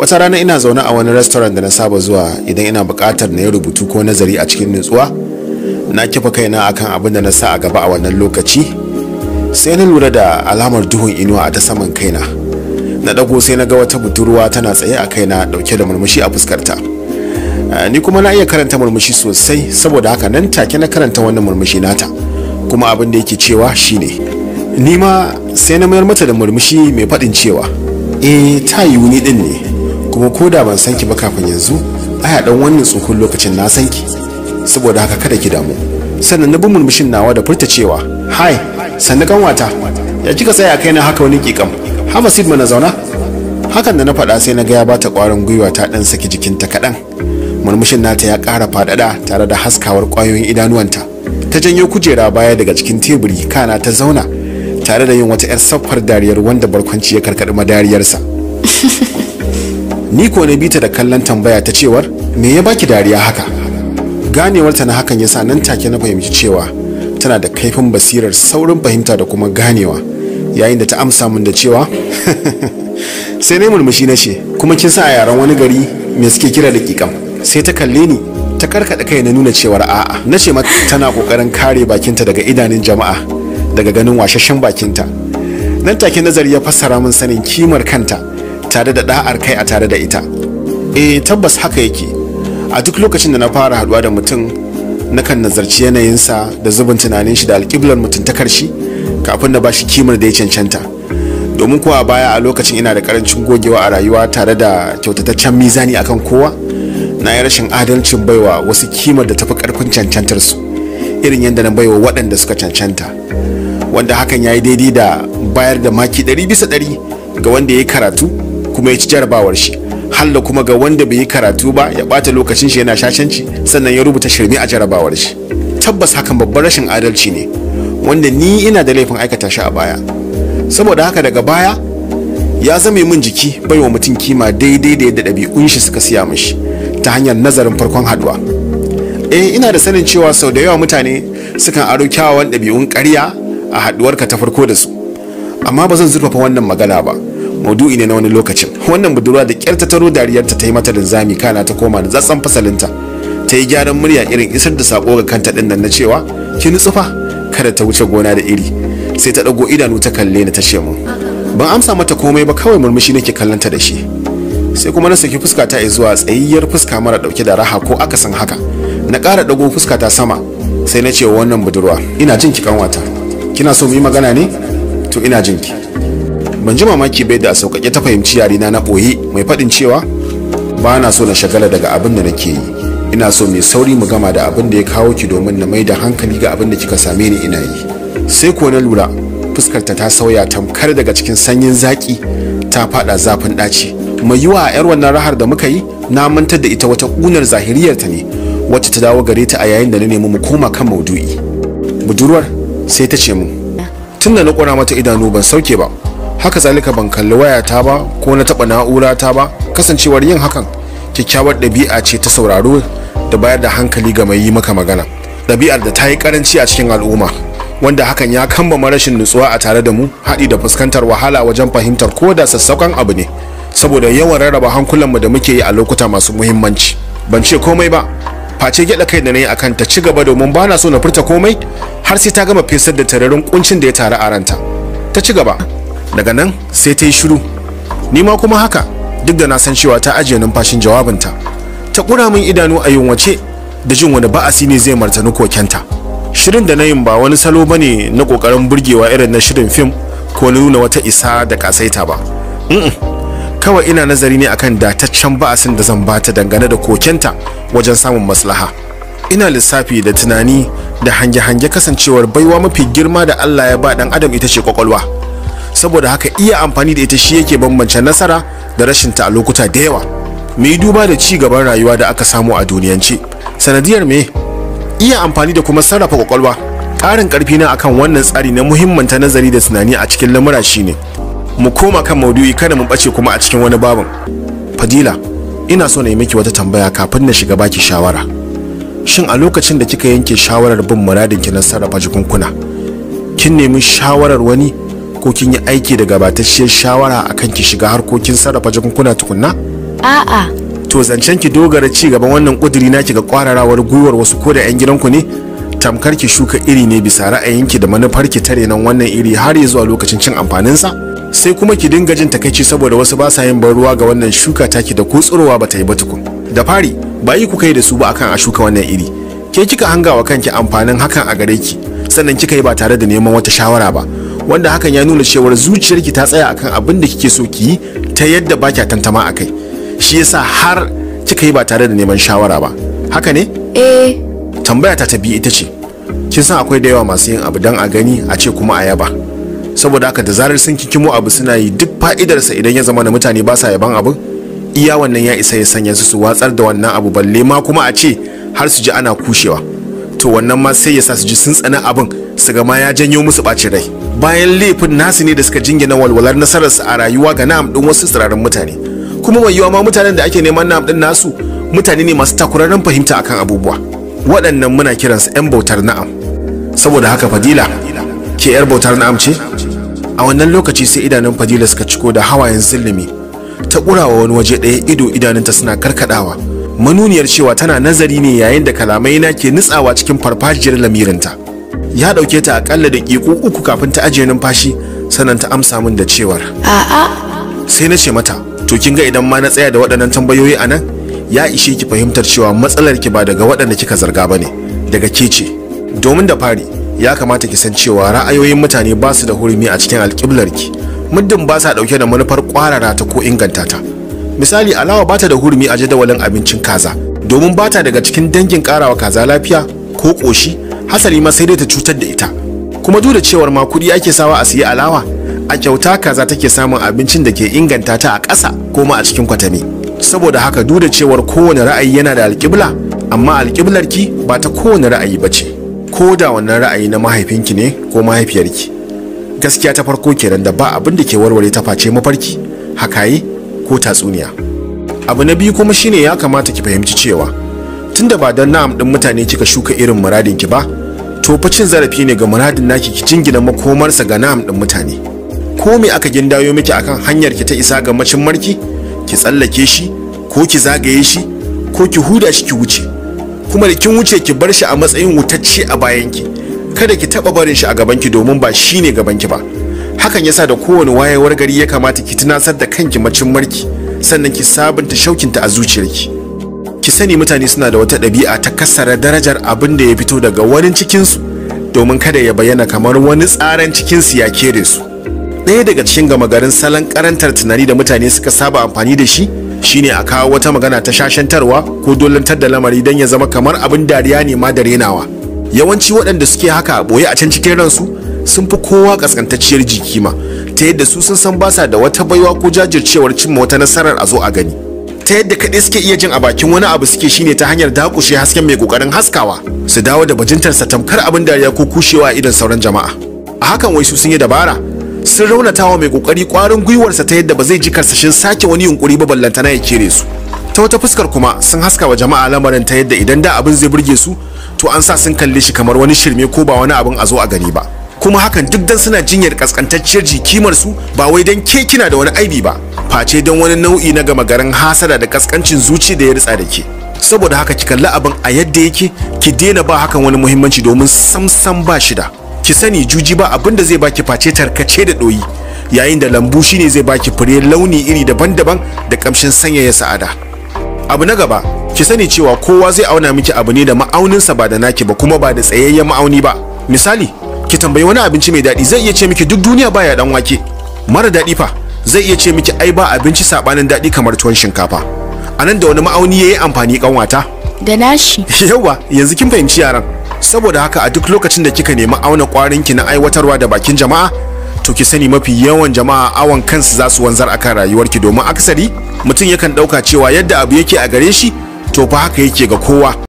wata rana ina zaune a wani restaurant da na saba zuwa idan ina buƙatar na yi rubutu ko nazari a cikin nutsuwa na kifa kaina akan abin da na sa a gaba a wannan lokaci sai na lura da alamar duhun inuwa a ta saman kaina na dago sai na ga wata budurwa tana tsaye a kaina dauke da murmushi a fuskarta eh, ni kuma na iya karanta murmushi sosai saboda haka nan take na karanta wannan murmushi nata kuma abin da yake cewa shine ni ma sai na mayar mata da murmushi mai faɗin cewa eh ta yiwu ni din ne kuma ko da ban san ki ba kafin yanzu aya dan wannan tsukun lokacin na san ki saboda haka kada ki damu sannan na bi murmushin nawa da furta cewa hi kan kanwata ya kika a kai na haka wani kikam haba sid mana zauna hakan da na faɗa sai na ga ya bata ƙwarin gwiwa ta ɗan saki jikinta kaɗan murmushin nata ya ƙara faɗaɗa tare da haskawar ƙwayoyin idanuwanta ta janyo kujera baya daga cikin teburi kana ta zauna tare da yin wata 'yar saffar dariyar wanda barkwanci ya karkaɗi madariyarsa ni ko na bita da kallon tambaya ta cewar me ya baki dariya haka ganewar ta na hakan ya sa nan take na fahimci cewa tana da kaifin basirar saurin fahimta da kuma ganewa yayin da ta amsa min da cewa sai na murmushi na ce kuma kin sa a yaren wani gari me suke kira da kikam sai ta kalle ni ta karkada kai na nuna cewar a'a na ce mata tana kokarin kare bakinta daga idanun jama'a daga ganin washashen bakinta nan take nazari ya fassara min sanin kimar kanta tare da da'ar kai a tare da ita eh tabbas haka yake a duk lokacin da na fara haduwa da mutum nakan nazarci yanayinsa da zubin tunanin shi da alƙiblar mutum ta karshe kafin na bashi kimar da ya cancanta domin kuwa baya a lokacin ina da karancin gogewa a rayuwa tare da kyautataccen mizani akan kowa na yi rashin adalcin baiwa wasu kimar da tafi karfin cancantar su irin yadda na baiwa waɗanda suka cancanta wanda hakan ya yi daidai da bayar da maki ɗari bisa ɗari ga wanda ya yi karatu kuma ya ci jarabawar shi halla kuma ga wanda bai yi karatu ba ya bata lokacin shi yana shashanci sannan ya rubuta shirme a jarabawar shi tabbas hakan babban rashin adalci ne wanda ni ina da laifin aikata shi a baya saboda haka daga baya ya zame min jiki bai wa mutum kima daidai da yadda ɗabi'un shi suka siya mishi ta hanyar nazarin farkon haduwa eh ina da sanin cewa sau da yawa mutane sukan aro kyawawan ɗabi'un ƙarya a haduwarka ta farko da su amma ba zan zurfafa wannan magana ba maudu'i ne na wani lokacin wannan budurwa da kyar ta taro dariyarta ta yi mata linzami kana ta koma da zatsan fasalinta ta yi gyaran murya irin isar da sako ga kanta din nan na cewa ki nutsu kada ta wuce gona da iri sai ta dago idanu ta kalle ni ta ce mun ban amsa mata komai ba kawai murmushi nake kallanta da shi sai kuma na saki fuska ta zuwa tsayayyar fuska mara dauke da raha ko aka san haka na ƙara dago fuska ta sama sai na ce wannan budurwa ina jin ki kanwata kina so mu yi magana ne to ina jin ki ban ji mamaki bai da a sauƙaƙe ta fahimci yarina na ɓoye mai faɗin cewa ba na so na shagala daga abin da nake yi ina so mai sauri mu gama da abin da ya kawo ki domin na mai da hankali ga abin da kika same ni ina yi sai ko na lura fuskarta ta sauya tamkar daga cikin sanyin zaki ta faɗa zafin ɗaci. mai yiwa a yar wannan rahar da muka yi na mantar da ita wata ƙunar zahiriyar ne wacce ta dawo gare ta a yayin da na nemi mu koma kan maudu'i budurwar sai ta ce mu tun da na kora mata idanu ban sauke ba haka zalika ban kalli wayata ba ko na taba na'urata ba kasancewar yin hakan kyakkyawar dabi'a ce ta sauraro da bayar da hankali ga mai yi maka magana ɗabi'ar da ta yi ƙaranci a cikin al'umma wanda hakan ya kammama rashin nutsuwa a tare da mu haɗi da fuskantar wahala wajen fahimtar ko da sassaƙon abu ne saboda yawan rarraba hankulanmu da muke yi a lokuta masu muhimmanci ban ce komai ba face gyaɗa kai da na yi a ta ci gaba domin ba na so na furta komai har sai ta gama fesar da tararin kuncin da ya taru a ranta ta ci gaba daga nan sai ta yi shiru ni ma kuma haka duk da na san cewa ta ajiye numfashin jawabinta ta ƙura min idanu a yunwace da jin wani ba'asi ne zai martani kokenta shirin da na yin ba wani salo bane na kokarin burgewa irin na shirin fim ko nuna wata isa da kasaita ba kawai ina nazari ne akan dataccen ba'asin da zan bata dangane da kokenta wajen samun maslaha ina lissafi da tunani da hange-hange kasancewar baiwa mafi girma da Allah ya ba dan adam ita ce kwakwalwa saboda haka iya amfani da ita shi yake bambance nasara da rashin ta a lokuta da yawa mu yi duba da ci gaban rayuwa da aka samu a duniyance sanadiyar me iya amfani da kuma sarrafa kwakwalwa ƙarin ƙarfi na akan wannan tsari na muhimmanta nazari da tunani a cikin lamura shine mu koma kan maudu'i kada mu bace kuma a cikin wani babin fadila ina so na yi miki wata tambaya kafin na shiga baki shawara shin a lokacin da kika yanke shawarar bin muradinki na sarrafa jikunkuna kin nemi shawarar wani ko kin yi aiki da gabatacciyar shawara akan ki shiga harkokin sarrafa jakunkuna tukunna a'a to zancen ki dogara ci gaban wannan kuduri ki ga kwararawar gwiwar wasu ko da yan gidanku ne tamkar ki shuka iri ne bisa ra'ayinki da manufar ki tare nan wannan iri har ya zuwa lokacin cin amfaninsa sai kuma ki dinga jin takaici saboda wasu ba sa yin ban ruwa ga wannan shuka taki da kutsurowa ba ta yi ba tukun da fari ba yi ku kai da su ba akan a shuka wannan iri ke kika hangawa kanki amfanin hakan a gare ki sannan kika yi ba tare da neman wata shawara ba wanda hakan ya nuna cewar zuciyarki ta tsaya akan abin da kike so ki ta yadda ba kya tantama a shi yasa har kika yi ba tare da neman shawara ba haka ne eh tambaya ta biyu ita ce kin san akwai da yawa masu yin abu dan a gani a ce kuma a yaba saboda haka da zarar sun kikimo abu suna yi duk fa'idarsa idan ya zama da mutane ba sa yaban abu iya wannan ya isa ya sanya su su watsar da wannan abu balle ma kuma a ce har su ji ana kushewa to wannan ma sai ya sa su ji sun tsana abin su ga ma ya janyo musu ɓacin rai bayan laifin nasu ne da suka jingina walwalar su a rayuwa ga na'am ɗin wasu tsirarin mutane kuma mai yiwa ma mutanen da ake neman na'am ɗin nasu mutane ne masu takurarren fahimta akan abubuwa waɗannan muna kiransu 'yan bautar na'am saboda haka fadila ke 'yar bautar na'am ce a wannan lokaci sai idanun fadila suka ciko da hawayen zulumi ta ƙurawa wani waje ɗaya ido idanunta suna karkaɗawa manuniyar cewa tana nazari ne yayin da kalamai na ke nutsawa cikin farfajiyar lamirinta ya dauke ta akalla da ƙiƙu uku kafin ta ajiye numfashi sannan ta amsa min da cewar a'a sai na ce mata to kin ga idan ma na tsaya da waɗannan tambayoyi a nan ya ishe ki fahimtar cewa matsalar ki ba daga waɗanda kika zarga ba ne daga ke ce domin da fari ya kamata ki san cewa ra'ayoyin mutane ba su da hurumi a cikin alƙiblar ki muddin ba sa dauke da manufar kwarara ta ko inganta ta misali alawa bata da hurumi a jadawalin abincin kaza domin bata daga cikin dangin karawa kaza lafiya ko koshi hasali ma sai dai ta cutar da ita kuma duk da cewar ma kuɗi ake sawa a siya alawa a kyauta kaza take samun abincin da ke inganta ta a ƙasa ko ma a cikin kwatami saboda haka duk da cewar kowane ra'ayi yana da alƙibla amma ki ba ta kowane ra'ayi ba ce ko da wannan ra'ayi na mahaifinki ne ko mahaifiyarki gaskiya ta farko kenan da ba abin da ke warware ta face mafarki hakaye ko tatsuniya abu na biyu kuma shine ya kamata ki fahimci cewa tunda ba dan na'am din mutane kika shuka irin muradin ki ba to fa cin zarafi ne ga muradin naki ki jingina makomarsa ga na'am din mutane ko me aka gindayo miki akan hanyar ki ta isa ga macin marki ki tsallake shi ko ki zagaye shi ko ki huda shi ki wuce kuma da kin wuce ki bar shi a matsayin wutacce a bayan ki kada ki taba barin shi a gaban ki domin ba shine gaban ki ba hakan yasa da kowane wayewar gari ya kamata ki tunasar da kanki macin marki sannan ki sabunta shaukinta a zuciyarki ki sani mutane suna da wata ɗabi'a ta kassara darajar abin da ya fito daga wani cikinsu domin kada ya bayyana kamar wani tsaran cikinsu ya kere su ɗaya daga cikin gama garin salon karantar tunani da mutane suka saba amfani da shi shine a kawo wata magana ta shashantarwa ko dolantar da lamari don ya zama kamar abin dariya ne ma da renawa yawanci waɗanda suke haka boye a can cikin ransu sun fi kowa kaskantacciyar jiki ma ta yadda su sun san basa da wata baiwa ko jajircewar cimma wata nasarar a zo a gani ta yadda kaɗai suke iya jin a bakin wani abu suke shine ta hanyar dakushe hasken mai kokarin haskawa su dawo da bajintarsa tamkar abin dariya ko kushewa idan sauran jama'a a hakan wai su sun yi dabara sun raunatawa mai kokari kwarin gwiwarsa ta yadda ba zai ji karsashin sake wani yunkuri ba ballantana ya kere su ta wata fuskar kuma sun haska wa jama'a lamarin ta yadda idan da abin zai burge su to an sa sun kalle shi kamar wani shirme ko ba wani abin a zo a gani ba kuma hakan duk dan suna jinyar kaskantacciyar jikimar su ba wai dan ke kina da wani aibi ba face dan wani nau'i na gama garin hasada da kaskancin zuci da ya ritsa da ke saboda haka ki kalli abin a yadda yake ki daina ba hakan wani muhimmanci domin samsam ba shi da. ki sani juji ba abin da zai baki face tarkace da doyi yayin da lambu shine zai baki fure launi iri daban-daban da kamshin sanyaya sa'ada abu na gaba ki sani cewa kowa zai auna miki abu ne da ma'auninsa ba da naki ba kuma ba da tsayayyen ma'auni ba misali ki tambayi wani abinci mai daɗi zai iya ce miki duk duniya baya dan wake mara daɗi fa zai iya ce miki ai ba abinci sabanin daɗi kamar tuwon shinkafa a nan da wani ma'auni ya yi amfani kanwata da nashi yawa yanzu kin fahimci yaran saboda haka a duk lokacin da kika nemi auna kwarin ki na aiwatarwa da bakin jama'a to ki sani mafi yawan jama'a awon kansu za su wanzar akan rayuwarki domin akasari mutum yakan ɗauka cewa yadda abu yake a gare shi to fa haka yake ga kowa